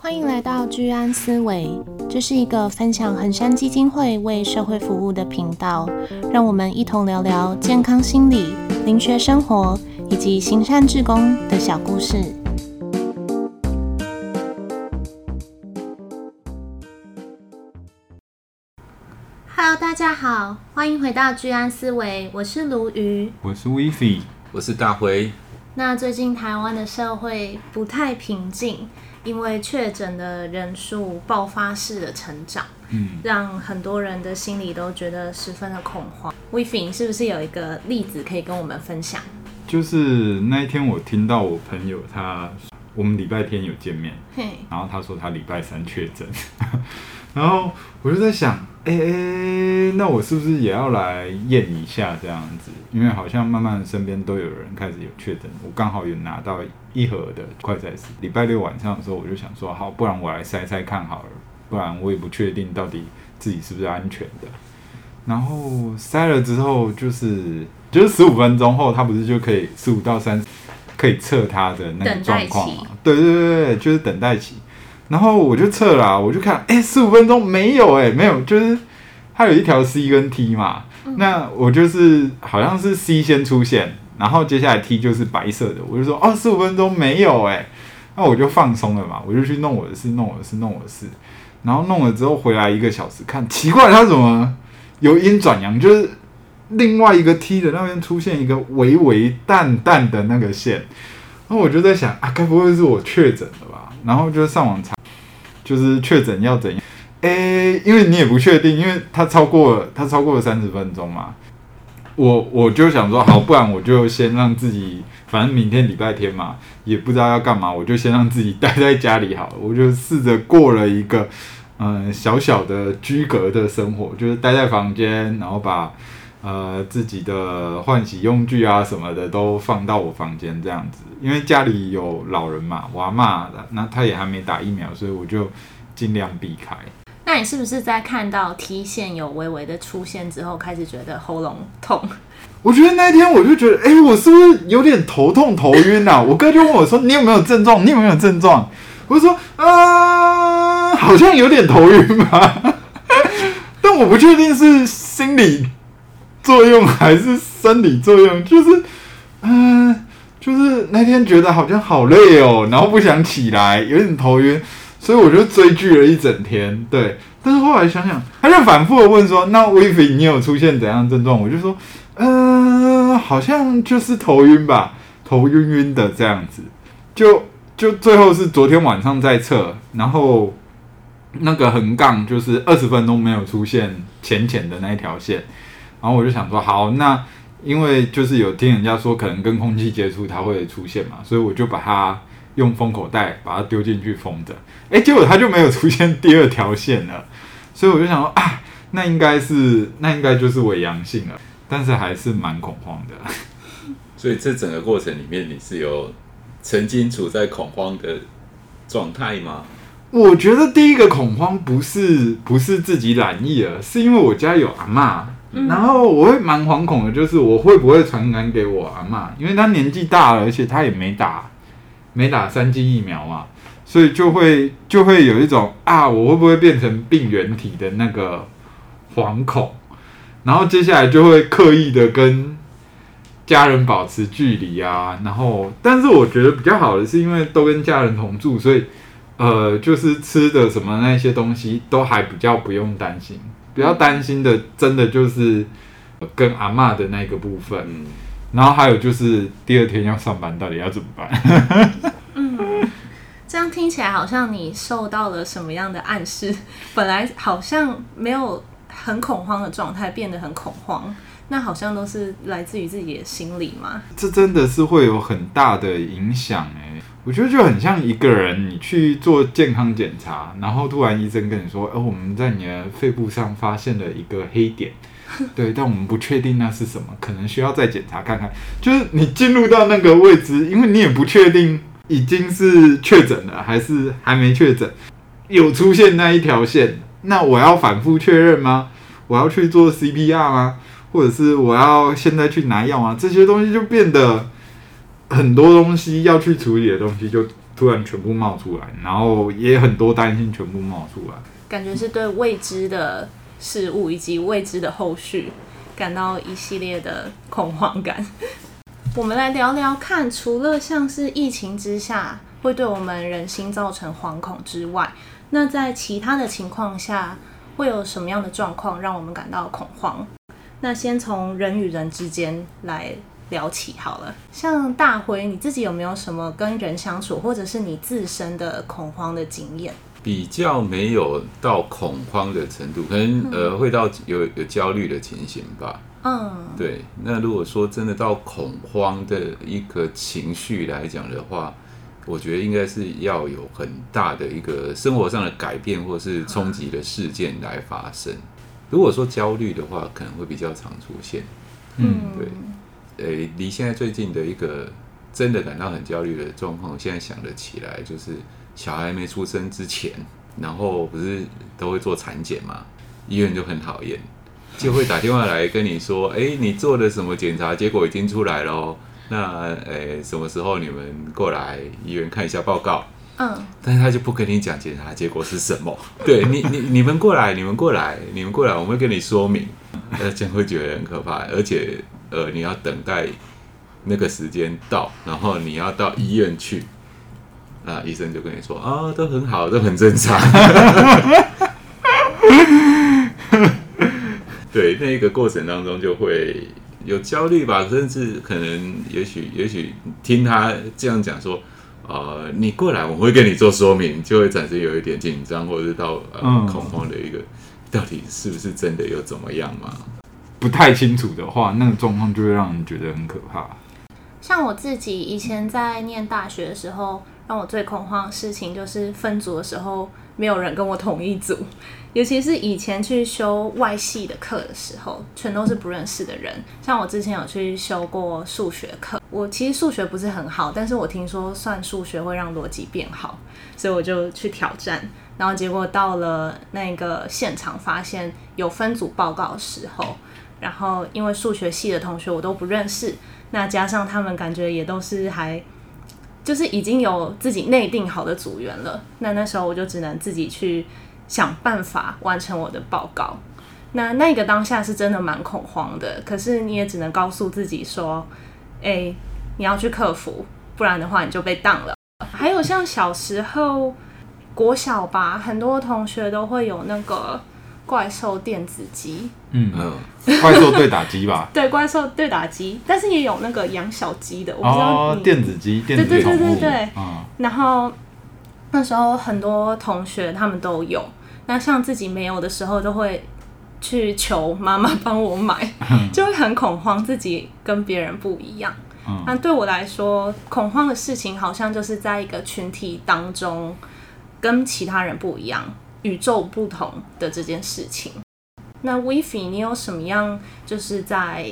歡迎來到居安思微，這是一個分享衡山基金會為社會服務的頻道，讓我們一同聊聊健康心理、靈學生活以及行善志工的小故事。Hello，大家好，歡迎回到居安思微，我是鱸魚，我是 Wifi，我是大輝。那最近台灣的社會不太平靜，因為確診的人數爆發式的成長，嗯，讓很多人的心裡都覺得十分的恐慌。Wifin 是不是有一個例子可以跟我們分享？就是那一天我聽到我朋友他，我們禮拜天有見面，嘿，然後他說他禮拜三確診。 然後我就在想，哎、欸、哎、欸，那我是不是也要來驗一下這樣子？因為好像慢慢身邊都有人開始有確診，我剛好有拿到一盒的快篩試。禮拜六晚上的時候，我就想說，好，不然我來篩篩看好了，不然我也不確定到底自己是不是安全的。然後篩了之後，就是，就是就是十五分鐘後，它不是就可以十五到三十可以測它的那個狀況嗎？對對對對，就是等待期。然後我就測啦、啊，我就看，哎，十五分鐘沒有、欸，哎，沒有，就是它有一條 C 跟 T 嘛，那我就是好像是 C 先出現，然後接下來 T 就是白色的，我就說哦，十五分鐘沒有、欸，哎，那我就放鬆了嘛，我就去弄我的事，弄我的事，弄我的事，然後弄了之後回來一個小時看，奇怪，它怎麼由陰轉陽？就是另外一個 T 的那邊出現一個微微淡淡的那個線，那我就在想啊，該不會是我確診的吧？然後就上網查。就是確診要怎樣？誒，因為你也不確定，因為它超過，它超過了三十分鐘嘛。我我就想說，好，不然我就先讓自己，反正明天禮拜天嘛，也不知道要幹嘛，我就先讓自己待在家裡好了。我就試着過了一個，嗯、呃，小小的居隔的生活，就是待在房間，然後把。呃，自己的換洗用具啊什麼的都放到我房間這樣子，因為家裡有老人嘛、娃嘛的，那他也還沒打疫苗，所以我就盡量避開。那你是不是在看到 T 線有微微的出現之後，開始覺得喉嚨痛？我覺得那天我就覺得，哎、欸，我是不是有點頭痛、頭暈啊？ 我哥就問我說：“你有沒有症狀？你有沒有症狀？”我就說：“啊、呃，好像有點頭暈吧。 ”但我不確定是心理。作用還是生理作用，就是，嗯、呃，就是那天覺得好像好累哦、喔，然後不想起來，有點頭暈，所以我就追劇了一整天。對，但是後來想想，他就反覆的問說：“那 Vivi，你有出現怎樣的症狀？”我就說：“嗯、呃，好像就是頭暈吧，頭暈暈的這樣子。就”就就最後是昨天晚上在測，然後那個橫槓就是二十分鐘沒有出現淺淺的那一條線。然後我就想說，好，那因為就是有聽人家說，可能跟空氣接觸它會出現嘛，所以我就把它用封口袋把它丟進去封著。哎，結果它就沒有出現第二條線了，所以我就想說，啊，那應該是那應該就是偽陽性了，但是還是蠻恐慌的。所以這整個過程裡面，你是有曾經處在恐慌的狀態嗎？我覺得第一個恐慌不是不是自己染疫了，是因為我家有阿嬤。然後我會蠻惶恐的，就是我會不會傳染給我阿嬤，因為她年紀大了，而且她也沒打，沒打三劑疫苗嘛，所以就會就會有一種啊，我會不會變成病原體的那個惶恐，然後接下來就會刻意的跟家人保持距離啊。然後，但是我覺得比較好的是，因為都跟家人同住，所以呃，就是吃的什麼那些東西都還比較不用擔心。比較擔心的，真的就是跟阿嬤的那個部分，然後還有就是第二天要上班，到底要怎麼辦、 嗯。這樣聽起來好像你受到了什麼樣的暗示？本來好像沒有很恐慌的狀態，變得很恐慌，那好像都是來自於自己的心理嘛？這真的是會有很大的影響欸我覺得就很像一個人，你去做健康檢查，然後突然醫生跟你說：“哎、哦，我們在你的肺部上發現了一個黑點，對，但我們不確定那是什麼，可能需要再檢查看看。”就是你進入到那個位置，因為你也不確定已經是確診了還是還沒確診，有出現那一條線，那我要反復確認嗎？我要去做 PCR 嗎？或者是我要現在去拿藥嗎？這些東西就變得。很多東西要去處理的東西就突然全部冒出來，然後也很多擔心全部冒出來，感覺是對未知的事物以及未知的後續感到一系列的恐慌感。我們來聊聊看，除了像是疫情之下會對我們人心造成惶恐之外，那在其他的情況下會有什麼樣的狀況讓我們感到恐慌？那先從人與人之間來。聊起好了，像大輝，你自己有沒有什麼跟人相處，或者是你自身的恐慌的經驗？比較沒有到恐慌的程度，可能、嗯、呃會到有有焦慮的情形吧。嗯，對。那如果說真的到恐慌的一個情緒來講的話，我覺得應該是要有很大的一個生活上的改變，或是衝擊的事件來發生。嗯，如果說焦慮的話，可能會比較常出現。嗯，對。離現在最近的一個真的感到很焦慮的狀況，我現在想得起來就是小孩沒出生之前，然後不是都會做產檢嘛？醫院就很討厭，就會打電話來跟你說：“欸，你做的什麼檢查結果已經出來囉，那欸，什麼時候你們過來醫院看一下報告？”嗯，但是他就不跟你講檢查結果是什麼，對你你你們過來，你們過來，你們過來，我會跟你說明，這樣會覺得很可怕，而且。呃，你要等待那個時間到，然後你要到醫院去，那醫生就跟你說啊、哦，都很好，都很正常。 對，那個過程當中就會有焦慮吧，甚至可能也許，也許，也許聽他這樣講說，呃，你過來，我會跟你做說明，就會暫時有一點緊張，或者是到呃恐慌的一個，到底是不是真的，又怎麼樣嘛？不太清楚的話，那個狀況就會讓人覺得很可怕。像我自己以前在念大學的時候，讓我最恐慌的事情就是分組的時候沒有人跟我同一組，尤其是以前去修外系的課的時候，全都是不認識的人。像我之前有去修過數學課，我其實數學不是很好，但是我聽說算數學會讓邏輯變好，所以我就去挑戰。然後結果到了那個現場，發現有分組報告的時候。然後，因為數學系的同學我都不認識，那加上他們感覺也都是還就是已經有自己內定好的組員了，那那時候我就只能自己去想辦法完成我的報告。那那個當下是真的蠻恐慌的，可是你也只能告訴自己說：“哎、欸，你要去克服，不然的話你就被當了。”還有像小時候國小吧，很多同學都會有那個。怪獸電子雞，嗯，怪獸對打機吧？ 對，怪獸對打機。但是也有那個養小雞的。我不知道哦，電子雞，對對對對對。嗯。然後那時候很多同學他們都有，那像自己沒有的時候，就會去求媽媽幫我買，嗯，就會很恐慌自己跟別人不一樣。嗯。那對我來說，恐慌的事情好像就是在一個群體當中跟其他人不一樣。與眾不同的這件事情，那 w i v i 你有什麼樣就是在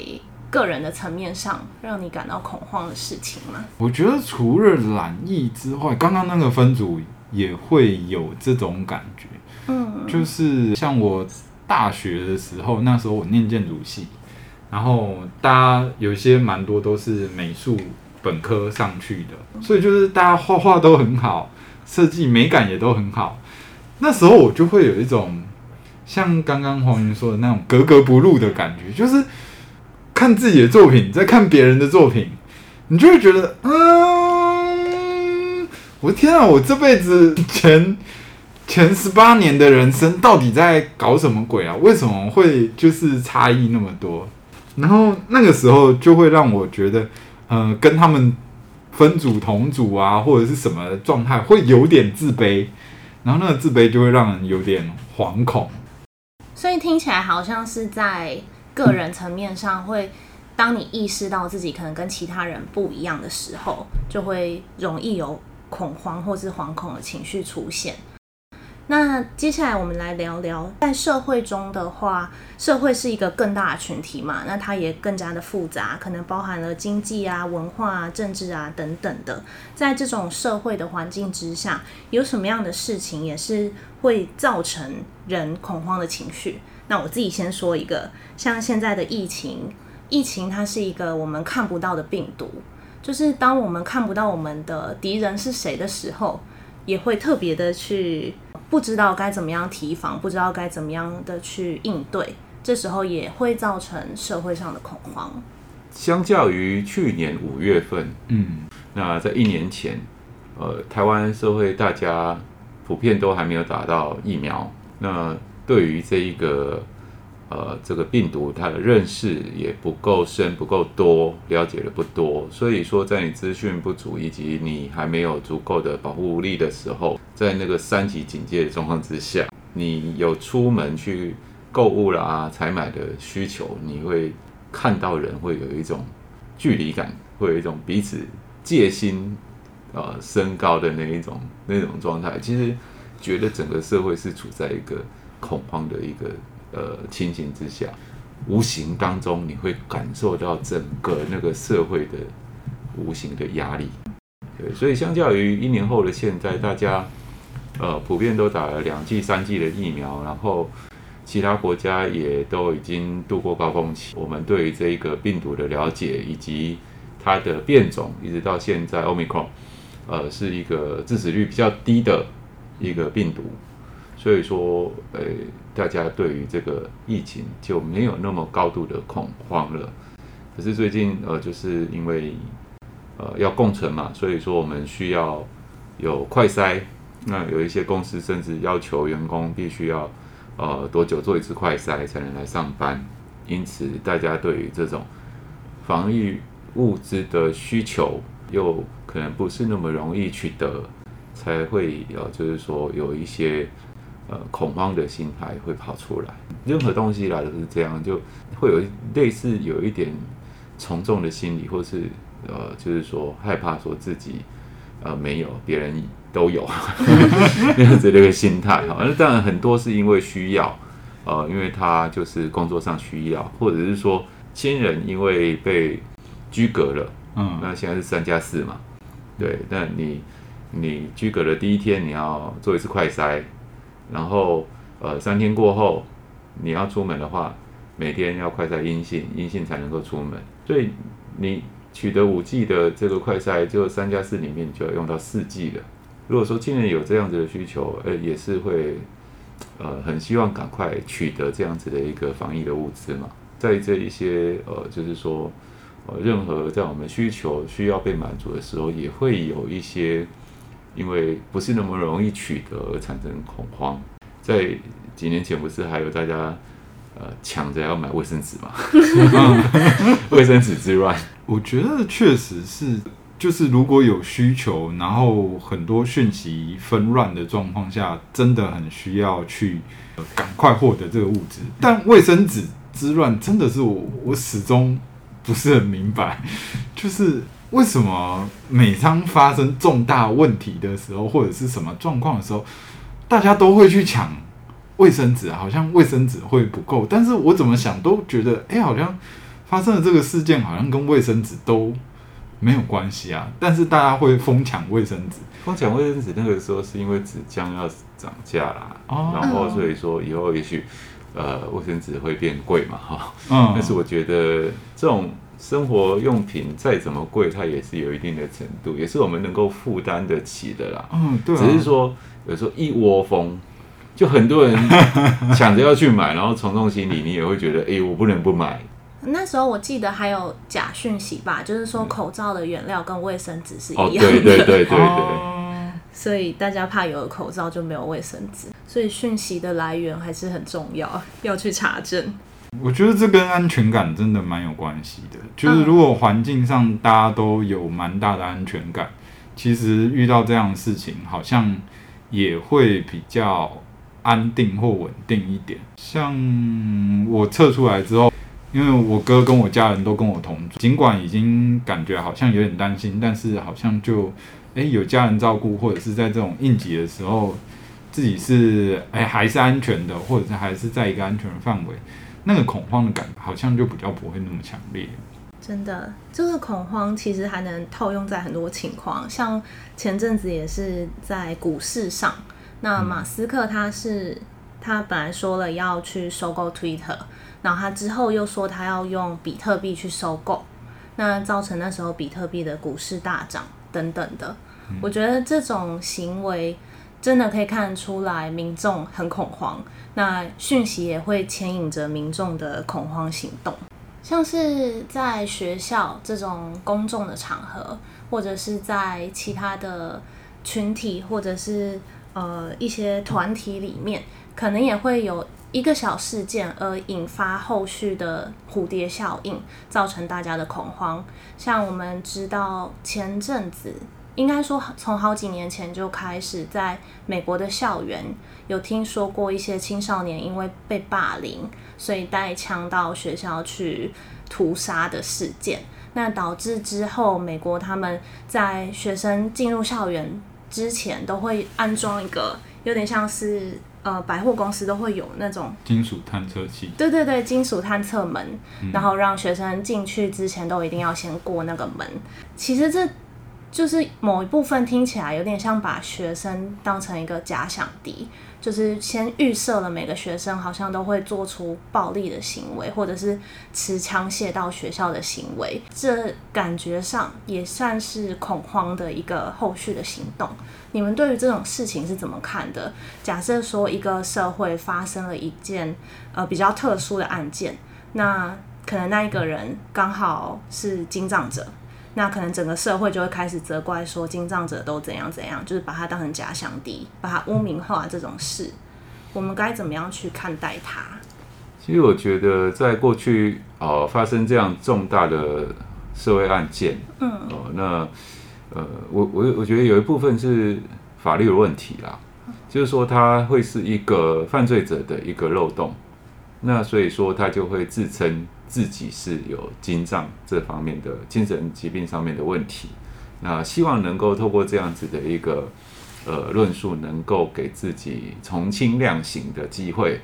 個人的層面上讓你感到恐慌的事情嗎？我覺得除了懶意之外，剛剛那個分組也會有這種感覺。嗯，就是像我大學的時候，那時候我念建築系，然後大家有些蠻多都是美術本科上去的，所以就是大家畫畫都很好，設計美感也都很好。那時候我就會有一種像剛剛黃雲說的那種格格不入的感覺，就是看自己的作品再看別人的作品，你就會覺得，嗯，我的天啊，我這輩子前前十八年的人生到底在搞什麼鬼啊？為什麼會就是差異那麼多？然後那個時候就會讓我覺得，嗯、呃，跟他們分組同組啊，或者是什麼狀態，會有點自卑。然後那個自卑就會讓人有點惶恐，所以聽起來好像是在個人層面上，會當你意識到自己可能跟其他人不一樣的時候，就會容易有恐慌或是惶恐的情緒出現。那接下來我們來聊聊，在社會中的話，社會是一個更大的群體嘛，那它也更加的複雜，可能包含了經濟啊、文化啊、政治啊等等的。在這種社會的環境之下，有什麼樣的事情也是會造成人恐慌的情緒？那我自己先說一個，像現在的疫情，疫情它是一個我們看不到的病毒，就是當我們看不到我們的敵人是誰的時候，也會特別的去。不知道該怎麼樣提防，不知道該怎麼樣的去應對，這時候也會造成社會上的恐慌。相較於去年五月份，嗯，那在一年前，呃，台灣社會大家普遍都還沒有打到疫苗，那對於這一個。呃，這個病毒它的認識也不夠深，不夠多，了解的不多，所以說在你資訊不足以及你還沒有足夠的保護力的時候，在那個三級警戒的狀況之下，你有出門去購物啦、啊、採買的需求，你會看到人會有一種距離感，會有一種彼此戒心，呃，升高的那一種那種狀態。其實覺得整個社會是處在一個恐慌的一個。呃，情形之下，無形當中你會感受到整個那個社會的無形的壓力。對，所以，相較於一年後的現在，大家呃普遍都打了兩劑、三劑的疫苗，然後其他國家也都已經度過高峰期。我們對於這個病毒的了解，以及它的變種，一直到現在，Omicron，呃，是一個致死率比較低的一個病毒。所以說，呃，大家對於這個疫情就沒有那麼高度的恐慌了。可是最近，呃，就是因為呃要共存嘛，所以說我們需要有快篩。那有一些公司甚至要求員工必須要呃多久做一次快篩才能來上班。因此，大家對於這種防疫物資的需求又可能不是那麼容易取得，才會呃，就是說有一些。呃，恐慌的心態會跑出來。任何東西來都是這樣，就會有類似有一點從眾的心理，或是呃，就是說害怕說自己呃沒有，別人都有 這樣子的一個心態。哈、哦，當然很多是因為需要，呃，因為他就是工作上需要，或者是說親人因為被居隔了，嗯，那現在是三加四嘛，對。那你你居隔的第一天，你要做一次快篩。然後，呃，三天過後，你要出門的話，每天要快篩陰性，陰性才能夠出門。所以你取得五 G 的這個快篩，就三加四裡面就要用到四 G 的。如果說今年有這樣子的需求，呃，也是會，呃，很希望趕快取得這樣子的一個防疫的物資嘛。在這一些，呃，就是說，呃，任何在我們需求需要被滿足的時候，也會有一些。因為不是那麼容易取得而產生恐慌，在幾年前不是還有大家，呃，搶着要買衛生紙嗎？ 衛生紙之亂，我覺得確實是，就是如果有需求，然後很多訊息紛亂的狀況下，真的很需要去趕快獲得這個物質。但衛生紙之亂真的是我，我始終不是很明白，就是。為什麼每當發生重大問題的時候，或者是什麼狀況的時候，大家都會去搶衛生紙，啊？好像衛生紙會不夠，但是我怎麼想都覺得，哎、欸，好像發生了這個事件好像跟衛生紙都沒有關係啊。但是大家會瘋搶衛生紙，瘋搶衛生紙那個時候是因為紙漿要漲價啦、哦。然後所以說以後也許呃衛生紙會變貴嘛，哈。嗯，但是我覺得這種。生活用品再怎麼貴，它也是有一定的程度，也是我們能夠負擔得起的啦。嗯，對啊。只是說有時候一窩蜂，就很多人搶着要去買，然後從眾心理，你也會覺得，哎，我不能不買。那時候我記得還有假訊息吧，就是說口罩的原料跟衛生紙是一樣的。哦，對對對對對。哦。所以大家怕有了口罩就沒有衛生紙，所以訊息的來源還是很重要，要去查證。我覺得這跟安全感真的蠻有關係的。就是如果環境上大家都有蠻大的安全感，其實遇到這樣的事情好像也會比較安定或穩定一點。像我測出來之後，因為我哥跟我家人都跟我同住，儘管已經感覺好像有點擔心，但是好像就誒有家人照顧，或者是在這種應急的時候，自己是誒還是安全的，或者是還是在一個安全的範圍。那個恐慌的感覺好像就比較不會那麼強烈，真的，這個恐慌其實還能套用在很多情況，像前陣子也是在股市上，那馬斯克他是他本來說了要去收購 Twitter，然後他之後又說他要用比特幣去收購，那造成那時候比特幣的股市大漲等等的，我覺得這種行為，真的可以看得出來，民眾很恐慌。那訊息也會牽引着民眾的恐慌行動，像是在學校這種公眾的場合，或者是在其他的群體，或者是呃一些團體裡面，可能也會有一個小事件而引發後續的蝴蝶效應，造成大家的恐慌。像我們知道前陣子。應該說，從好幾年前就開始，在美國的校園有聽說過一些青少年因為被霸凌，所以帶槍到學校去屠殺的事件。那導致之後，美國他們在學生進入校園之前，都會安裝一個有點像是呃百貨公司都會有那種金屬探測器。對對對，金屬探測門，嗯，然後讓學生進去之前都一定要先過那個門。其實這。就是某一部分聽起來有點像把學生當成一個假想敵，就是先預設了每個學生好像都會做出暴力的行為，或者是持槍械到學校的行為，這感覺上也算是恐慌的一個後續的行動。你們對於這種事情是怎麼看的？假設說一個社會發生了一件呃比較特殊的案件，那可能那一個人剛好是精障者。那可能整個社會就會開始責怪說，精障者都怎樣怎樣，就是把它當成假想敵，把它污名化。這種事，我們該怎麼樣去看待它？其實我覺得，在過去，呃，發生這樣重大的社會案件，嗯，哦、呃，那，呃，我我我覺得有一部分是法律的問題啦、嗯，就是說它會是一個犯罪者的一個漏洞。那所以說，他就會自稱自己是有精障這方面的精神疾病上面的問題，那希望能夠透過這樣子的一個呃論述，能夠給自己從輕量刑的機會。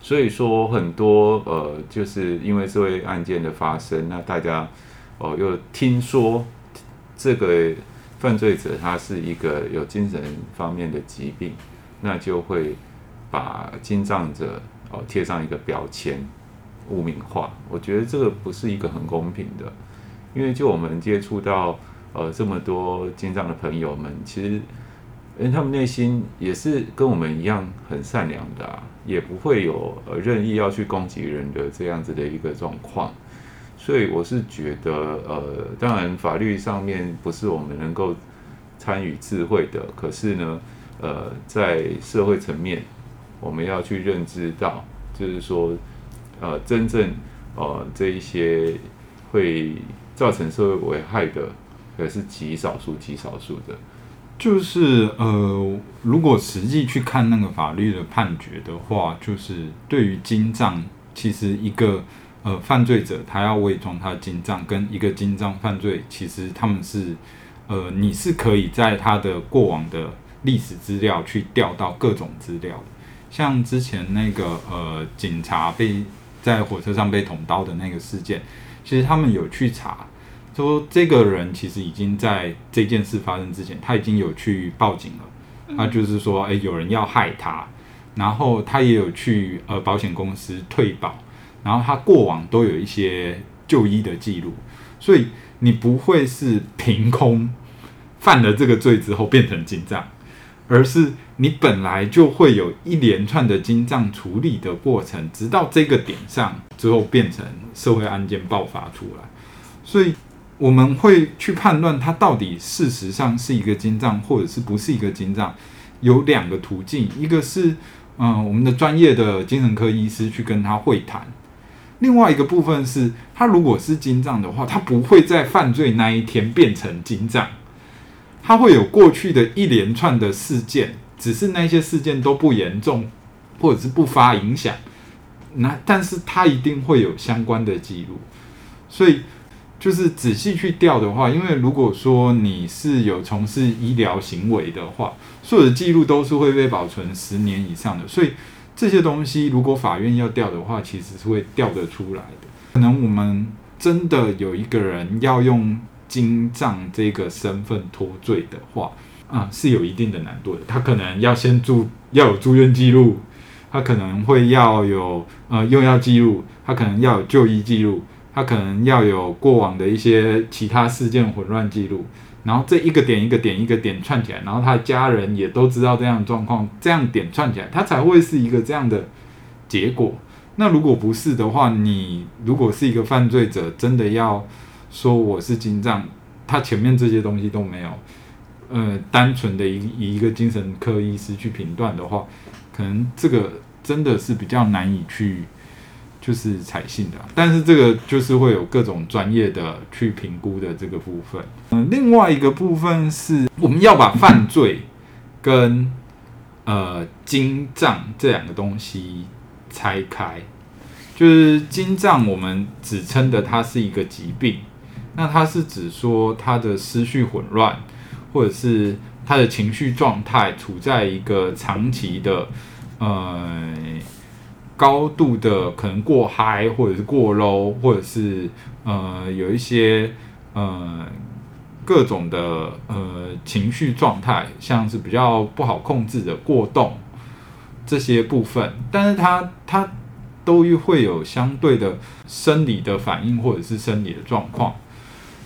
所以說，很多呃，就是因為這起案件的發生，那大家哦、呃、又聽說這個犯罪者他是一個有精神方面的疾病，那就會把精障者，哦，貼上一個標籤污名化，我覺得這個不是一個很公平的，因為就我們接觸到呃這麼多精障的朋友們，其實因為他們內心也是跟我們一樣很善良的、啊，也不會有呃任意要去攻擊人的這樣子的一個狀況，所以我是覺得呃，當然法律上面不是我們能夠參與智慧的，可是呢，呃，在社會層面，我們要去認知到，就是說，呃，真正呃這一些會造成社會危害的，可是極少數極少數的。就是呃，如果實際去看那個法律的判決的話，就是對於精障，其實一個呃犯罪者他要偽裝他的精障，跟一個精障犯罪，其實他們是呃你是可以在他的過往的歷史資料去調到各種資料的。像之前那個呃，警察被在火車上被捅刀的那個事件，其實他們有去查，說這個人其實已經在這件事發生之前，他已經有去報警了。他、嗯啊、就是說，誒、欸，有人要害他，然後他也有去呃保險公司退保，然後他過往都有一些就醫的記錄，所以你不會是憑空犯了這個罪之後變成精障。而是你本來就會有一連串的精障處理的過程，直到這個點上，之後變成社會案件爆發出來。所以我們會去判斷它到底事實上是一個精障，或者是不是一個精障。有兩個途徑，一個是嗯、呃，我們的專業的精神科醫師去跟他會談；另外一個部分是他如果是精障的話，他不會在犯罪那一天變成精障。他會有過去的一連串的事件，只是那些事件都不嚴重，或者是不發影響。那但是他一定會有相關的記錄，所以就是仔細去調的話，因為如果說你是有從事醫療行為的話，所有的記錄都是會被保存十年以上的。所以這些東西如果法院要調的話，其實是會調得出來的。可能我們真的有一個人要用。經常這個身份脫罪的話，啊、嗯，是有一定的難度的。他可能要先住，要有住院記錄；他可能會要有呃用藥記錄；他可能要有就醫記錄；他可能要有過往的一些其他事件混亂記錄。然後這一個點一個點一個點、一個點串起來，然後他的家人也都知道這樣的狀況，這樣點串起來，他才會是一個這樣的結果。那如果不是的話，你如果是一個犯罪者，真的要。說我是精障，他前面這些東西都沒有，呃，單純的以一個精神科醫師去評斷的話，可能這個真的是比較難以去就是採信的。但是這個就是會有各種專業的去評估的這個部分。嗯、呃，另外一個部分是，我們要把犯罪跟呃精障這兩個東西拆開，就是精障我們只稱的它是一個疾病。那他是指說他的思緒混亂，或者是他的情緒狀態處在一個長期的，呃，高度的可能過嗨，或者是過 low，或者是呃有一些呃各種的呃情緒狀態，像是比較不好控制的過動這些部分，但是他他都會有相對的生理的反應或者是生理的狀況。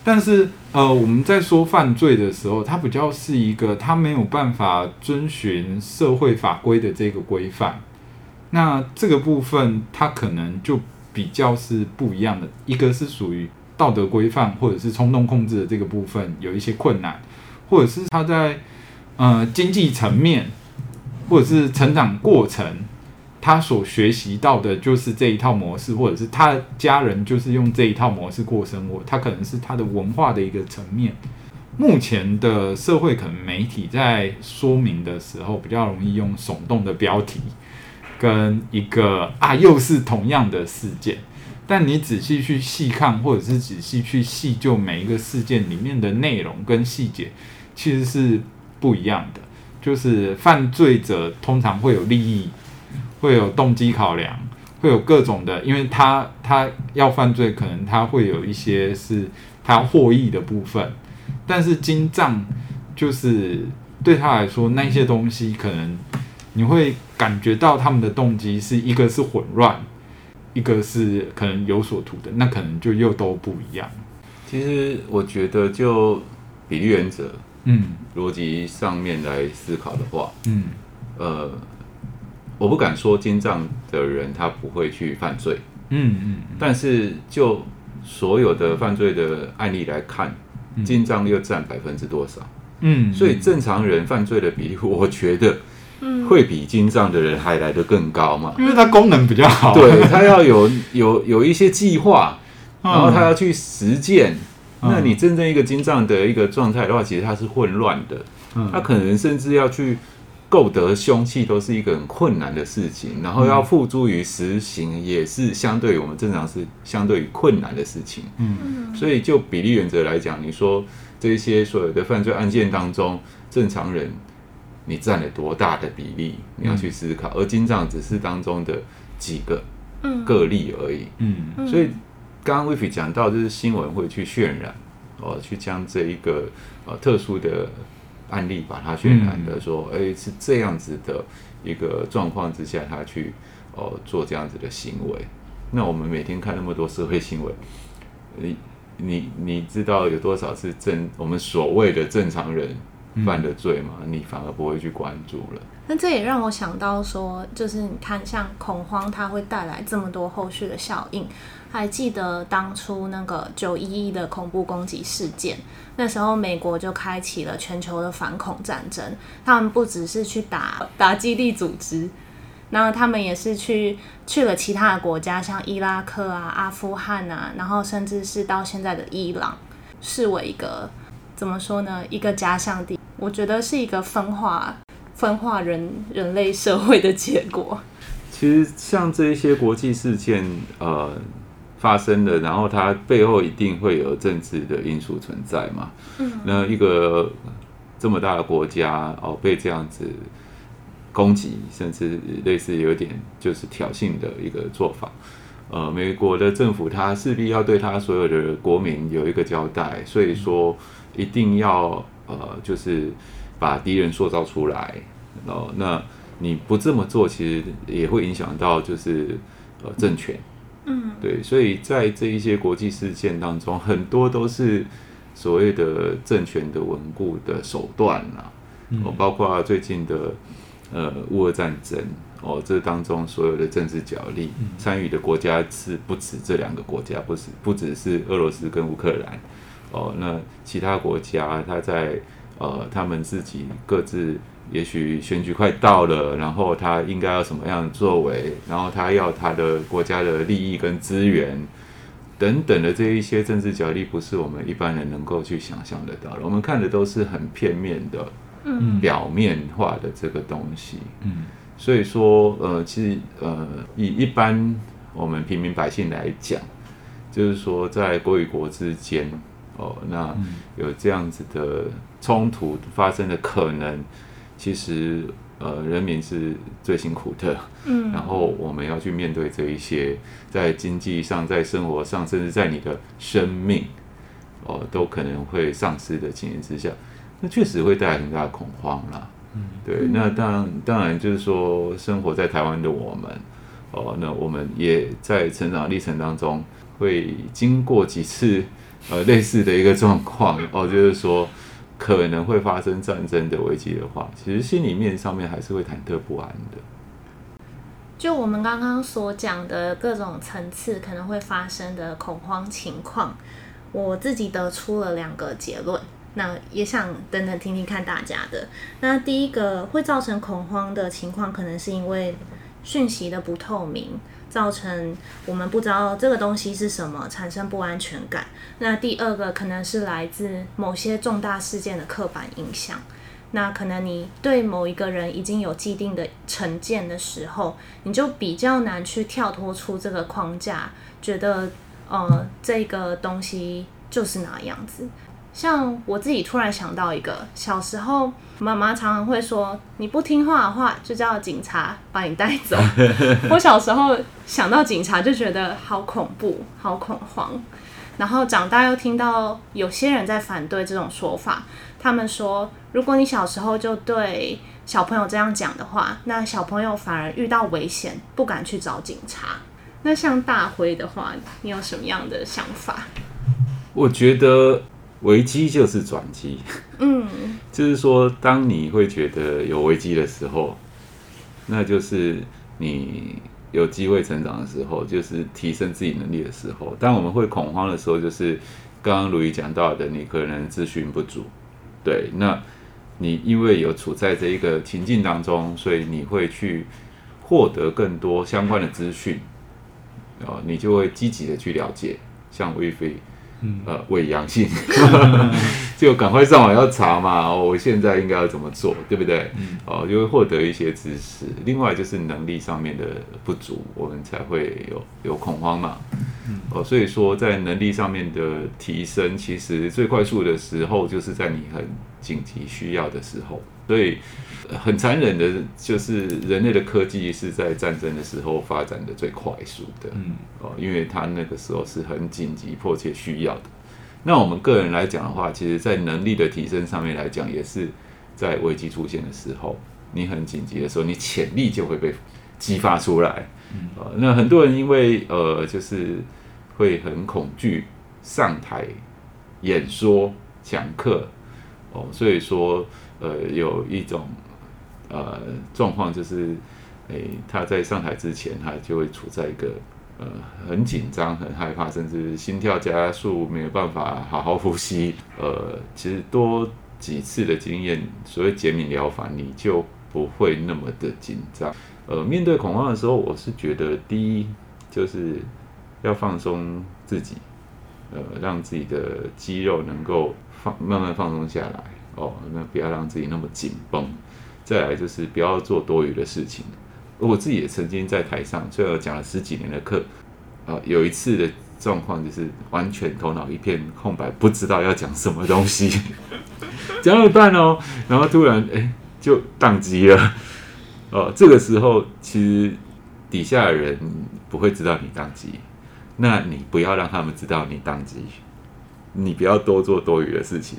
但是，呃，我們在說犯罪的時候，它比較是一個，它沒有辦法遵循社會法規的這個規範。那這個部分，它可能就比較是不一樣的。一個是屬於道德規範或者是衝動控制的這個部分有一些困難，或者是他在，呃，經濟層面，或者是成長過程。他所學習到的就是這一套模式，或者是他家人就是用這一套模式過生活。他可能是他的文化的一個層面。目前的社會可能媒體在說明的時候比較容易用聳動的標題，跟一個啊又是同樣的事件，但你仔細去細看，或者是仔細去細究每一個事件裡面的內容跟細節，其實是不一樣的。就是犯罪者通常會有利益，會有動機考量，會有各種的，因為他他要犯罪，可能他會有一些是他獲益的部分，但是精障就是對他來說，那些東西可能你會感覺到他們的動機是一個是混亂，一個是可能有所圖的，那可能就又都不一樣。其實我覺得就比例原則，嗯，邏輯上面來思考的話，嗯，呃。我不敢說精障的人他不會去犯罪，嗯嗯，但是就所有的犯罪的案例來看，精、嗯、障又占百分之多少嗯？嗯，所以正常人犯罪的比例，我覺得，會比精障的人還來得更高嘛，因為它功能比較好，對，它要有有有一些計劃，然後他要去實踐、嗯。那你真正一個精障的一個狀態的話，嗯、其實它是混亂的、嗯，他可能甚至要去。購得凶器都是一個很困難的事情，然後要付諸於實行也是相對於我們正常是相對於困難的事情。嗯，所以就比例原則來講，你說這些所有的犯罪案件當中，正常人你占了多大的比例？你要去思考。嗯，而今仗只是當中的幾個個例而已。嗯，嗯，所以剛剛威菲講到，就是新聞會去渲染，哦，去將這一個，哦，特殊的。案例把它渲染的說，哎、嗯欸，是這樣子的一個狀況之下，他去，哦、呃，做這樣子的行為。那我們每天看那麼多社會新聞、呃，你你你知道有多少是正我們所謂的正常人？犯的罪嘛，你反而不會去關注了。那、嗯、這也讓我想到說，就是你看，像恐慌，它會帶來這麼多後續的效應。還記得當初那個九一一的恐怖攻擊事件，那時候美國就開啟了全球的反恐戰爭。他們不只是去打打基地組織，然後他們也是去去了其他的國家，像伊拉克啊、阿富汗啊，然後甚至是到現在的伊朗，視為一個怎麼說呢，一個假想敵。我覺得是一個分化，分化人人類社會的結果。其實像這一些國際事件，呃，發生的，然後它背後一定會有政治的因素存在嘛。嗯，那一個這麼大的國家，哦，被這樣子攻擊，甚至類似有點就是挑釁的一個做法，呃，美國的政府它勢必要對他所有的國民有一個交代，所以說一定要。呃，就是把敵人塑造出來，哦，那你不這麼做，其實也會影響到，就是呃政權，嗯，對，所以在這一些國際事件當中，很多都是所謂的政權的穩固的手段了、啊，哦，包括最近的呃烏俄戰爭，哦，這當中所有的政治角力、嗯、參與的國家是不止這兩個國家，不是，不只是俄羅斯跟烏克蘭。哦，那其他國家，他在呃，他們自己各自，也許選舉快到了，然後他應該要什麼樣作為，然後他要他的國家的利益跟資源等等的這一些政治角力，不是我們一般人能夠去想象得到的。我們看的都是很片面的、表面化的這個東西。嗯，所以說，呃，其實，呃，以一般我們平民百姓來講，就是說，在國與國之間。哦，那有這樣子的衝突發生的可能，嗯、其實呃，人民是最辛苦的。嗯，然後我們要去面對這一些在經濟上、在生活上，甚至在你的生命哦、呃，都可能會喪失的情形之下，那確實會帶來很大的恐慌啦。嗯，對，那當然當然就是說，生活在台灣的我們，哦、呃，那我們也在成長歷程當中會經過幾次。呃，類似的一個狀況哦，就是說可能會發生戰爭的危機的話，其實心裡面上面還是會忐忑不安的。就我們剛剛所講的各種層次可能會發生的恐慌情況，我自己得出了兩個結論，那也想等等聽聽看大家的。那第一個會造成恐慌的情況，可能是因為訊息的不透明。造成我們不知道這個東西是什麼，產生不安全感。那第二個可能是來自某些重大事件的刻板印象。那可能你對某一個人已經有既定的成見的時候，你就比較難去跳脫出這個框架，覺得呃，這個東西就是那樣子。像我自己突然想到一個，小時候媽媽常常會說：“你不聽話的話，就叫警察把你帶走。 ”我小時候想到警察就覺得好恐怖、好恐慌。然後長大又聽到有些人在反對這種說法，他們說：“如果你小時候就對小朋友這樣講的話，那小朋友反而遇到危險不敢去找警察。”那像大輝的話，你有什麼樣的想法？我覺得。危機就是轉機，嗯，就是說，當你會覺得有危機的時候，那就是你有機會成長的時候，就是提升自己能力的時候。當我們會恐慌的時候，就是剛剛魯豫講到的，你可能資訊不足，對，那你因為有處在這一個情境當中，所以你會去獲得更多相關的資訊，哦，你就會積極的去了解，像微飛。呃，為陽性， 就趕快上網要查嘛。我現在應該要怎麼做，對不對？哦、呃，就會獲得一些知識。另外就是能力上面的不足，我們才會有有恐慌嘛。哦、呃，所以說在能力上面的提升，其實最快速的時候，就是在你很緊急需要的時候。所以，很殘忍的，就是人類的科技是在戰爭的時候發展的最快速的，嗯，哦，因為他那個時候是很緊急、迫切需要的。那我們個人來講的話，其實，在能力的提升上面來講，也是在危機出現的時候，你很緊急的時候，你潛力就會被激發出來。那很多人因為呃，就是會很恐懼上台演說、講課，哦，所以說。呃，有一種呃狀況，就是，哎、欸，他在上台之前，他就會處在一個呃很緊張、很害怕，甚至心跳加速，沒有辦法好好呼吸。呃，其實多幾次的經驗，所謂減敏療法，你就不會那麼的緊張。呃，面對恐慌的時候，我是覺得第一就是要放鬆自己，呃，讓自己的肌肉能夠放慢慢放鬆下來。哦，那不要讓自己那麼緊繃。再來就是不要做多餘的事情。我自己也曾經在台上，最後講了十幾年的課、呃、有一次的狀況就是完全頭腦一片空白，不知道要講什麼東西，講了一半哦，然後突然、欸、就宕機了。哦、呃，這個時候其實底下的人不會知道你宕機，那你不要讓他們知道你宕機，你不要多做多餘的事情。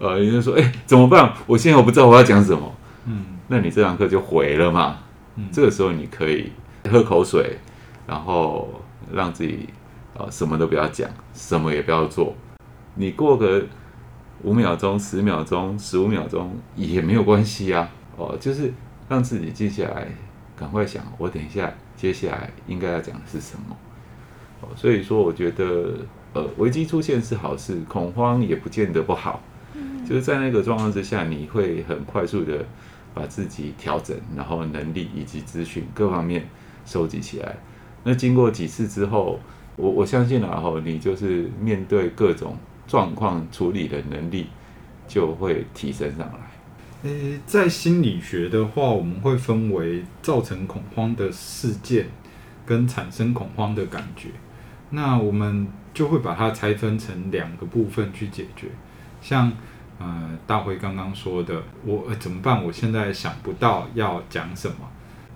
呃，有人說，哎、欸，怎麼辦？我現在我不知道我要講什麼。嗯，那你這堂課就毀了嘛。嗯，這個時候你可以喝口水，然後讓自己，啊、呃、什麼都不要講，什麼也不要做。你過個五秒鐘、十秒鐘、十五秒鐘也沒有關係啊。哦、呃，就是讓自己靜下來，趕快想，我等一下接下來應該要講的是什麼。哦、呃，所以說，我覺得，呃，危機出現是好事，恐慌也不見得不好。就是在那個狀況之下，你會很快速的把自己調整，然後能力以及資訊各方面收集起來。那經過幾次之後，我我相信了、啊、然後，你就是面對各種狀況處理的能力就會提升上來。誒、欸，在心理學的話，我們會分為造成恐慌的事件跟產生恐慌的感覺，那我們就會把它拆分成兩個部分去解決，像。呃、嗯，大輝剛剛說的，我、欸、怎麼辦？我現在想不到要講什麼。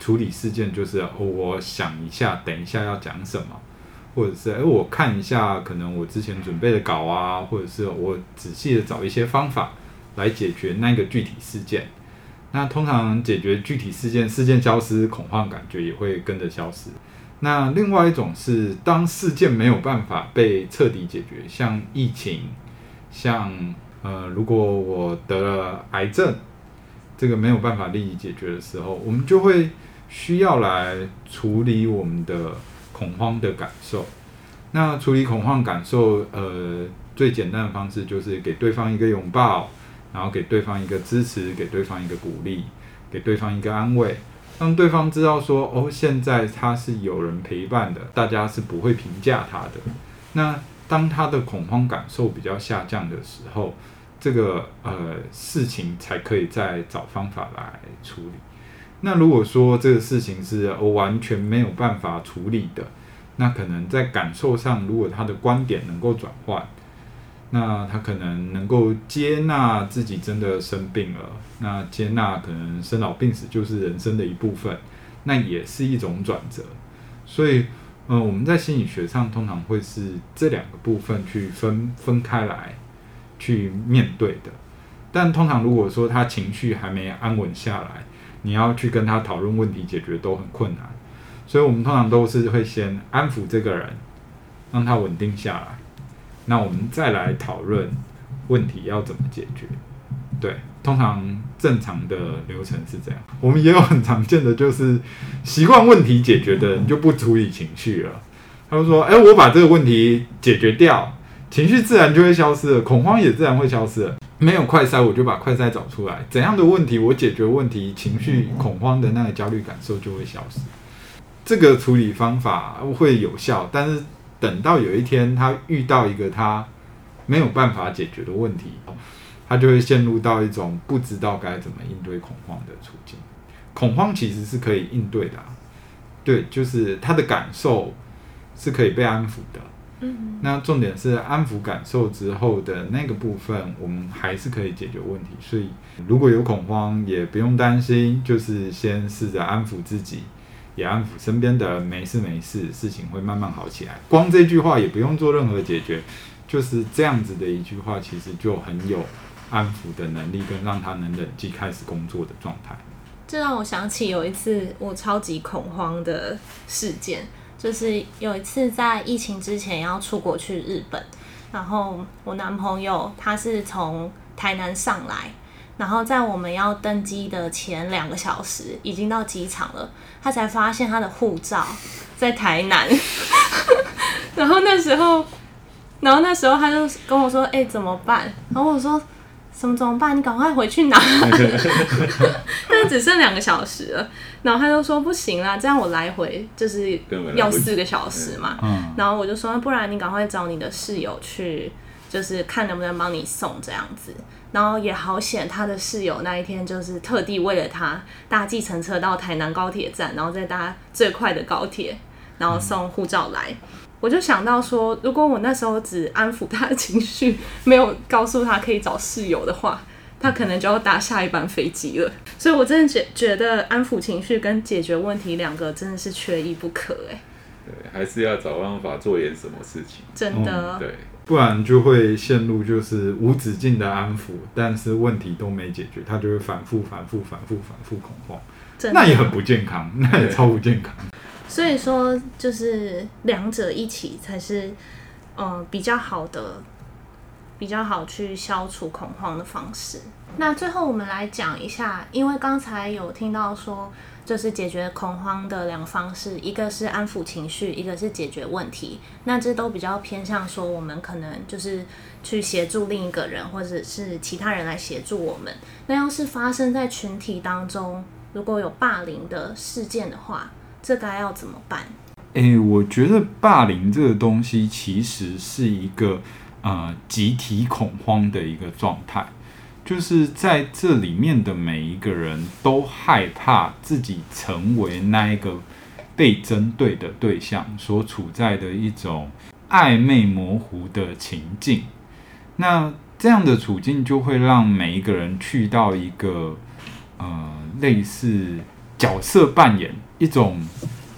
處理事件就是、哦，我想一下，等一下要講什麼，或者是，哎、欸，我看一下，可能我之前準備的稿啊，或者是我仔細的找一些方法來解決那個具體事件。那通常解決具體事件，事件消失，恐慌感覺也會跟着消失。那另外一種是，當事件沒有辦法被徹底解決，像疫情，像。呃，如果我得了癌症，這個沒有辦法立即解決的時候，我們就會需要來處理我們的恐慌的感受。那處理恐慌感受，呃，最簡單的方式就是給對方一個擁抱，然後給對方一個支持，給對方一個鼓勵，給對方一個安慰，讓對方知道說，哦，現在他是有人陪伴的，大家是不會評價他的。那當他的恐慌感受比較下降的時候，這個呃事情，才可以再找方法來處理。那如果說這個事情是我完全沒有辦法處理的，那可能在感受上，如果他的觀點能夠轉換，那他可能能夠接納自己真的生病了，那接納可能生老病死就是人生的一部分，那也是一種轉折。所以，嗯、呃，我們在心理學上通常會是這兩個部分去分分開來。去面對的，但通常如果說他情緒還沒安穩下來，你要去跟他討論問題解決都很困難，所以我們通常都是會先安撫這個人，讓他穩定下來，那我們再來討論問題要怎麼解決。對，通常正常的流程是這樣。我們也有很常見的，就是習慣問題解決的，人就不處理情緒了。他就說：“哎，我把這個問題解決掉。”情緒自然就會消失了，恐慌也自然會消失了。沒有快篩，我就把快篩找出來，怎樣的問題我解決問題，情緒恐慌的那個焦慮感受就會消失。這個處理方法會有效，但是等到有一天他遇到一個他沒有辦法解決的問題，他就會陷入到一種不知道該怎麼應對恐慌的處境。恐慌其實是可以應對的啊，對，就是他的感受是可以被安撫的。那重點是安撫感受之後的那個部分，我們還是可以解決問題。所以如果有恐慌，也不用擔心，就是先試着安撫自己，也安撫身邊的，沒事沒事，事情會慢慢好起來。光這句話也不用做任何解決，就是這樣子的一句話，其實就很有安撫的能力，跟讓他能冷靜開始工作的狀態。這讓我想起有一次我超級恐慌的事件。就是有一次在疫情之前要出國去日本，然後我男朋友他是從台南上來，然後在我們要登機的前兩個小時已經到機場了，他才發現他的護照在台南， 然後那時候，然後那時候他就跟我說：“欸，怎麼辦？”然後我說。什麼怎麼辦？你趕快回去拿， 但只剩兩個小時了。然後他就說不行啦，這樣我來回就是要四個小時嘛。嗯、然後我就說，不然你趕快找你的室友去，就是看能不能幫你送這樣子。然後也好險，他的室友那一天就是特地為了他搭計程車到台南高鐵站，然後再搭最快的高鐵，然後送護照來。嗯我就想到說，如果我那時候只安撫他的情緒，沒有告訴他可以找室友的話，他可能就要搭下一班飛機了。所以，我真的覺覺得安撫情緒跟解決問題兩個真的是缺一不可，欸。哎，對，還是要找辦法做點什麼事情。真的，嗯，對，不然就會陷入就是無止境的安撫，但是問題都沒解決，他就會反復、反復、反復、反復恐慌，那也很不健康，那也超不健康。 所以說，就是兩者一起才是，嗯，比較好的、比較好去消除恐慌的方式。那最後我們來講一下，因為剛才有聽到說，就是解決恐慌的兩個方式，一個是安撫情緒，一個是解決問題。那這都比較偏向說，我們可能就是去協助另一個人，或者是其他人來協助我們。那要是發生在群體當中，如果有霸凌的事件的話。這該要怎麼辦？誒，我覺得霸凌這個東西其實是一個呃集體恐慌的一個狀態，就是在這裡面的每一個人都害怕自己成為那一個被針對的對象，所處在的一種曖昧模糊的情境。那這樣的處境就會讓每一個人去到一個呃類似角色扮演。一種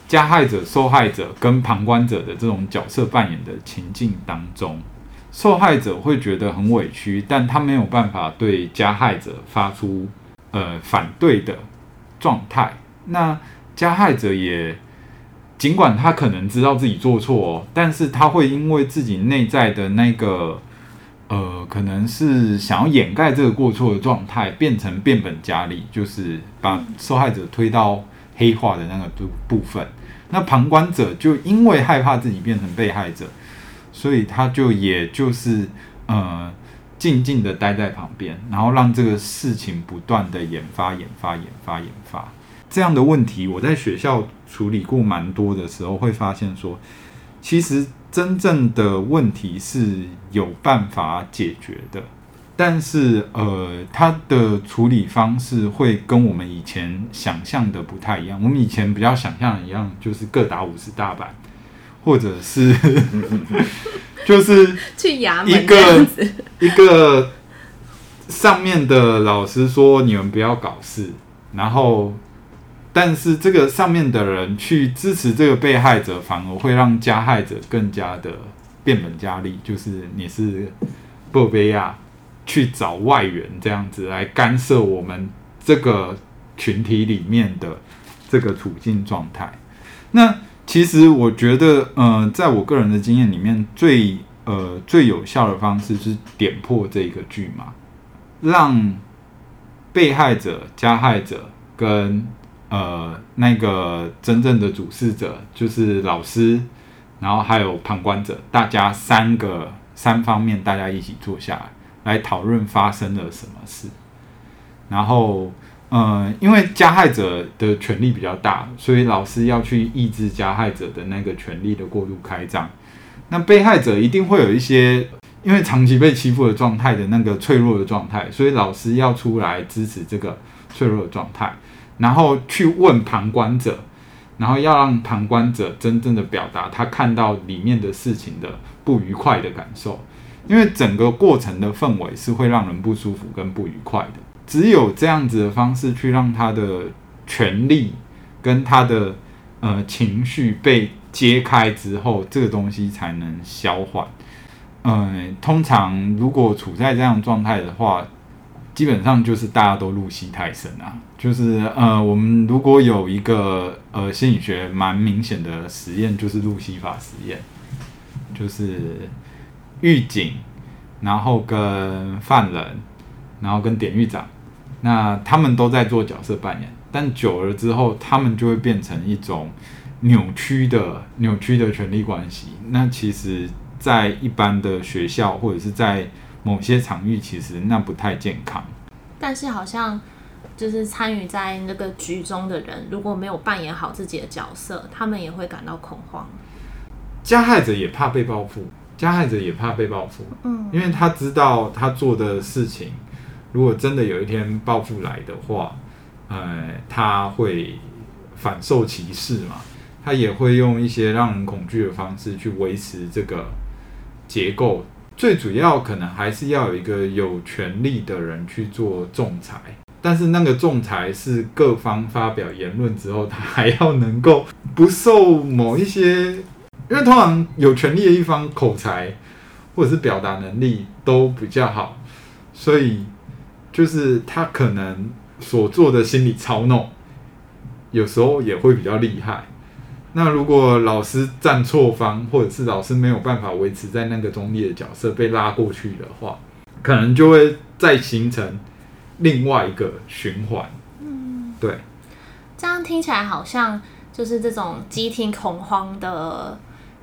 加害者、受害者跟旁觀者的這種角色扮演的情境當中，受害者會覺得很委屈，但他沒有辦法對加害者發出呃反對的狀態。那加害者也儘管他可能知道自己做錯哦，但是他會因為自己內在的那個呃，可能是想要掩蓋這個過錯的狀態，變成變本加厲，就是把受害者推到。黑化的那個部部分，那旁觀者就因為害怕自己變成被害者，所以他就也就是，呃，靜靜的待在旁邊，然後讓這個事情不斷的研發、研發、研發、研發。這樣的問題，我在學校處理過蠻多的時候，會發現說，其實真正的問題是有辦法解決的。但是，呃，他的處理方式會跟我們以前想象的不太一樣。我們以前比較想象的一樣，就是各打五十大板，或者是呵呵，就是去衙門一個一個上面的老師說你們不要搞事，然後，但是這個上面的人去支持這個被害者，反而會讓加害者更加的變本加厲。就是你是不貝亞。去找外援，這樣子來干涉我們這個群體裡面的這個處境狀態。那其實我覺得，呃，在我個人的經驗裡面，最呃最有效的方式是點破這個劇碼，讓被害者、加害者跟呃那個真正的主事者，就是老師，然後還有旁觀者，大家三個三方面，大家一起坐下來。來討論發生了什麼事，然後，嗯、呃，因為加害者的權力比較大，所以老師要去抑制加害者的那個權力的過度擴張。那被害者一定會有一些因為長期被欺負的狀態的那個脆弱的狀態，所以老師要出來支持這個脆弱的狀態，然後去問旁觀者，然後要讓旁觀者真正的表達他看到裡面的事情的不愉快的感受。因為整個過程的氛圍是會讓人不舒服跟不愉快的，只有這樣子的方式去讓他的權力跟他的呃情緒被揭開之後，這個東西才能消化。嗯、呃，通常如果處在這樣狀態的話，基本上就是大家都入戲太深啊。就是呃，我們如果有一個呃心理學蠻明顯的實驗，就是路西法實驗，就是。獄警，然後跟犯人，然後跟典獄長，那他們都在做角色扮演，但久了之後，他們就會變成一種扭曲的、扭曲的權力關係。那其實，在一般的學校，或者是在某些場域，其實那不太健康。但是，好像就是參與在那個局中的人，如果沒有扮演好自己的角色，他們也會感到恐慌。加害者也怕被報復。加害者也怕被報復，嗯，因為他知道他做的事情，如果真的有一天報復來的話，呃，他會反受歧視嘛？他也會用一些讓人恐懼的方式去維持這個結構。最主要可能還是要有一個有權利的人去做仲裁，但是那個仲裁是各方發表言論之後，他還要能夠不受某一些。因為通常有權力的一方口才或者是表達能力都比較好，所以就是他可能所做的心理操弄有時候也會比較厲害。那如果老師站錯方，或者是老師沒有辦法維持在那個中立的角色被拉過去的話，可能就會再形成另外一個循環。嗯，對，這樣聽起來好像就是這種集體恐慌的。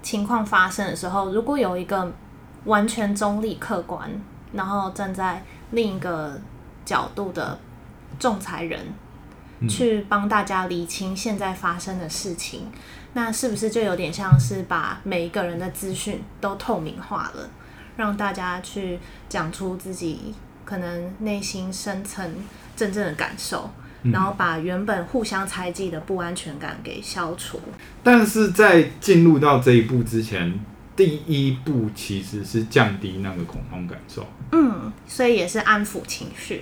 情況發生的時候，如果有一個完全中立、客觀，然後站在另一個角度的仲裁人，去幫大家理清現在發生的事情，嗯，那是不是就有點像是把每一個人的資訊都透明化了，讓大家去講出自己可能內心深層真正的感受？然後把原本互相猜忌的不安全感給消除。嗯。但是在進入到這一步之前，第一步其實是降低那個恐慌感受。嗯，所以也是安撫情緒，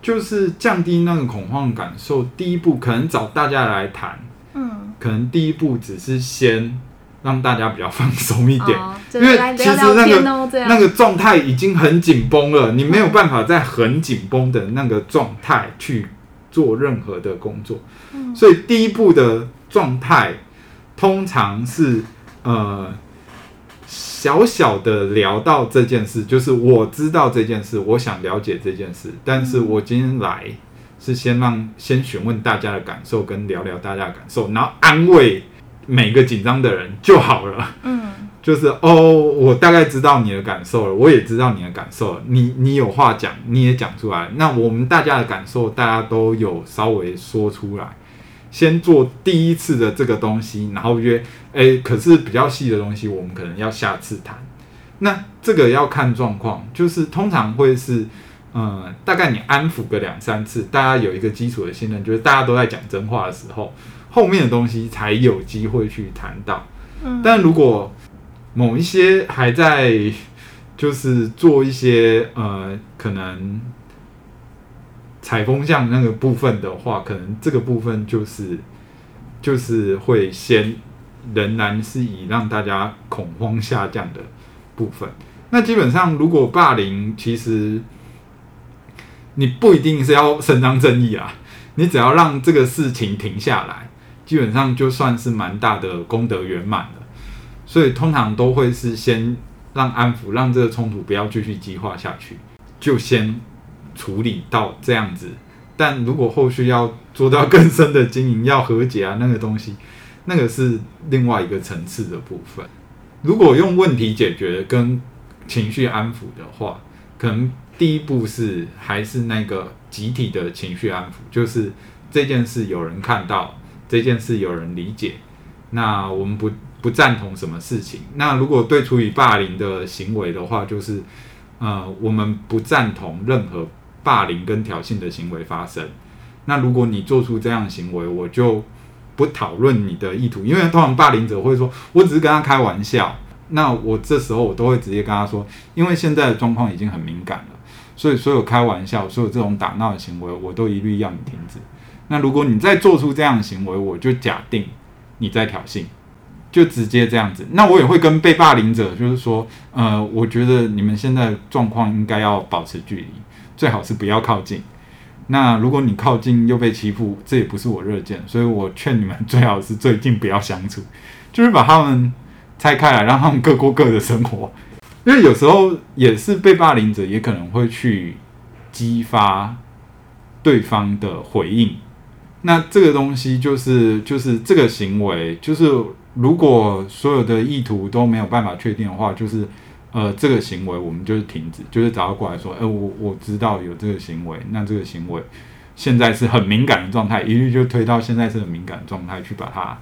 就是降低那個恐慌感受。第一步可能找大家來談。嗯，可能第一步只是先讓大家比較放鬆一點，哦就是來聊聊天哦，因為其實那個那個狀態已經很緊繃了，嗯、你沒有辦法在很緊繃的那個狀態去。做任何的工作，嗯、所以第一步的狀態通常是呃小小的聊到這件事，就是我知道這件事，我想了解這件事，但是我今天來是先讓先詢問大家的感受，跟聊聊大家的感受，然後安慰每個緊張的人就好了。嗯。就是哦，我大概知道你的感受了，我也知道你的感受了。你你有話講，你也講出來。那我們大家的感受，大家都有稍微說出來。先做第一次的這個東西，然後覺得，欸，可是比較細的東西，我們可能要下次談。那這個要看狀況，就是通常會是嗯，大概你安撫個兩三次，大家有一個基礎的信任，就是大家都在講真話的時候，後面的東西才有機會去談到、嗯。但如果。某一些還在就是做一些呃、可能採風向那個部分的話，可能這個部分就是就是會先仍然是以讓大家恐慌下降的部分。那基本上，如果霸凌，其實你不一定是要伸張正義啊，你只要讓這個事情停下來，基本上就算是蠻大的功德圓滿了。所以通常都會是先讓安撫，讓這個衝突不要繼續激化下去，就先處理到這樣子。但如果後續要做到更深的經營，要和解啊，那個東西，那個是另外一個層次的部分。如果用問題解決跟情緒安撫的話，可能第一步是還是那個集體的情緒安撫，就是這件事有人看到，這件事有人理解，那我們不。不贊同什麼事情。那如果對出於霸凌的行為的話，就是，呃，我們不贊同任何霸凌跟挑釁的行為發生。那如果你做出這樣的行為，我就不討論你的意圖，因為通常霸凌者會說我只是跟他開玩笑。那我這時候我都會直接跟他說，因為現在的狀況已經很敏感了，所以所有開玩笑、所有這種打鬧的行為，我都一律要你停止。那如果你再做出這樣的行為，我就假定你在挑釁。就直接這樣子，那我也會跟被霸凌者，就是說，呃，我覺得你們現在狀況應該要保持距離，最好是不要靠近。那如果你靠近又被欺負，這也不是我樂見，所以我勸你們最好是最近不要相處，就是把他們拆開來，讓他們各過各的生活。因為有時候也是被霸凌者，也可能會去激發對方的回應。那這個東西就是就是這個行為就是。如果所有的意圖都沒有辦法確定的話，就是，呃，這個行為我們就是停止，就是找到過來說，哎、呃，我我知道有這個行為，那這個行為現在是很敏感的狀態，一律就推到現在是很敏感的狀態去把它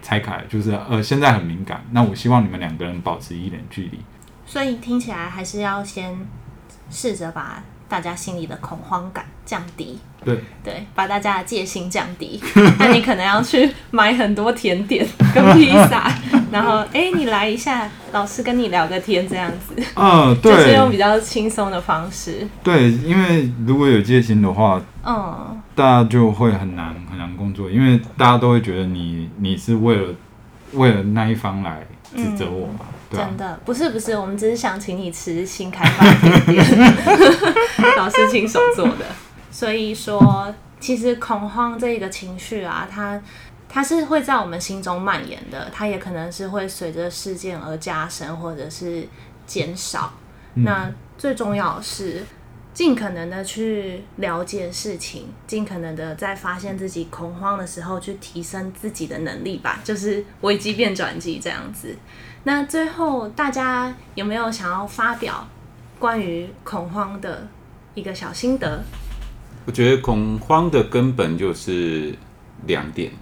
拆開，就是呃，現在很敏感，那我希望你們兩個人保持一點距離。所以聽起來還是要先試着把大家心裡的恐慌感。降低，對對，把大家的戒心降低。那 你可能要去買很多甜點跟披薩，然後哎、欸，你來一下，老師跟你聊個天，這樣子。嗯，對，就是用比較輕鬆的方式。對，因為如果有戒心的話，嗯，大家就會很難很難工作，因為大家都會覺得你你是為了為了那一方來指責我嘛。嗯對啊、真的不是不是，我們只是想請你吃新開發的甜點， 老師親手做的。所以說，其實恐慌這個情緒啊，它它是會在我們心中蔓延的，它也可能是會隨着事件而加深，或者是減少。嗯。那最重要是，盡可能的去了解事情，盡可能的在發現自己恐慌的時候去提升自己的能力吧，就是危機變轉機這樣子。那最後，大家有沒有想要發表關於恐慌的一個小心得？我覺得恐慌的根本就是兩點，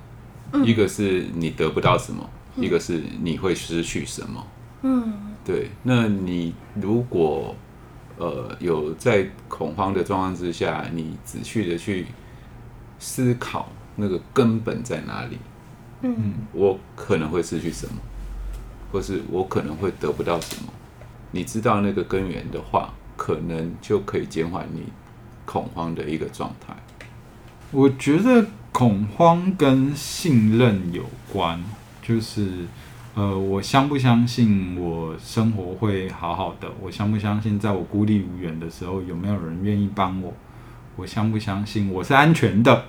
一個是你得不到什麼，一個是你會失去什麼。嗯，對。那你如果呃有在恐慌的狀況之下，你仔細的去思考那個根本在哪裡。嗯，我可能會失去什麼，或是我可能會得不到什麼。你知道那個根源的話，可能就可以減緩你恐慌的一個狀態，我覺得恐慌跟信任有關，就是呃，我相不相信我生活會好好的？我相不相信在我孤立無援的時候有沒有人願意幫我？我相不相信我是安全的？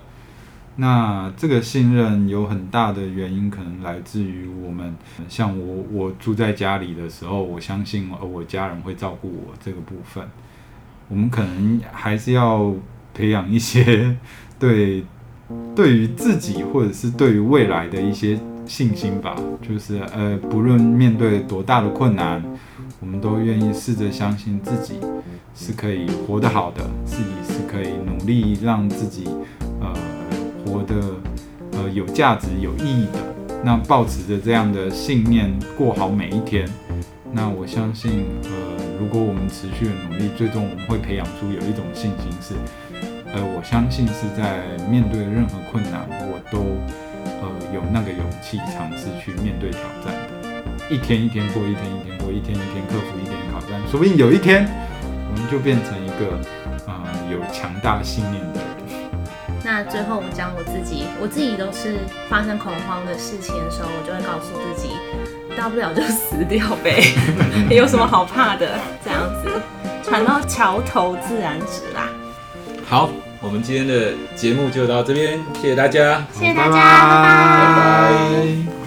那這個信任有很大的原因，可能來自於我們，像我，我住在家裡的時候，我相信，呃，我家人會照顧我這個部分。我們可能還是要培養一些對對於自己或者是對於未來的一些信心吧。就是呃，不論面對多大的困難，我們都願意試着相信自己是可以活得好的，自己是可以努力讓自己呃活得呃有價值、有意義的。那抱持著這樣的信念，過好每一天。那我相信，呃，如果我們持續的努力，最終我們會培養出有一種信心，是，呃，我相信是在面對任何困難，我都，呃，有那個勇氣嘗試去面對挑戰的。一天一天過，一天一天過，一,一天一天克服一點挑戰，說不定有一天，我們就變成一個，啊、呃，有強大信念的人。那最後我講我自己，我自己都是發生恐慌的事情的時候，我就會告訴自己。大不了就死掉唄 有什麼好怕的？這樣子，船到橋頭自然直啦。好，我們今天的節目就到這邊，謝謝大家，謝謝大家，拜拜。Bye bye bye bye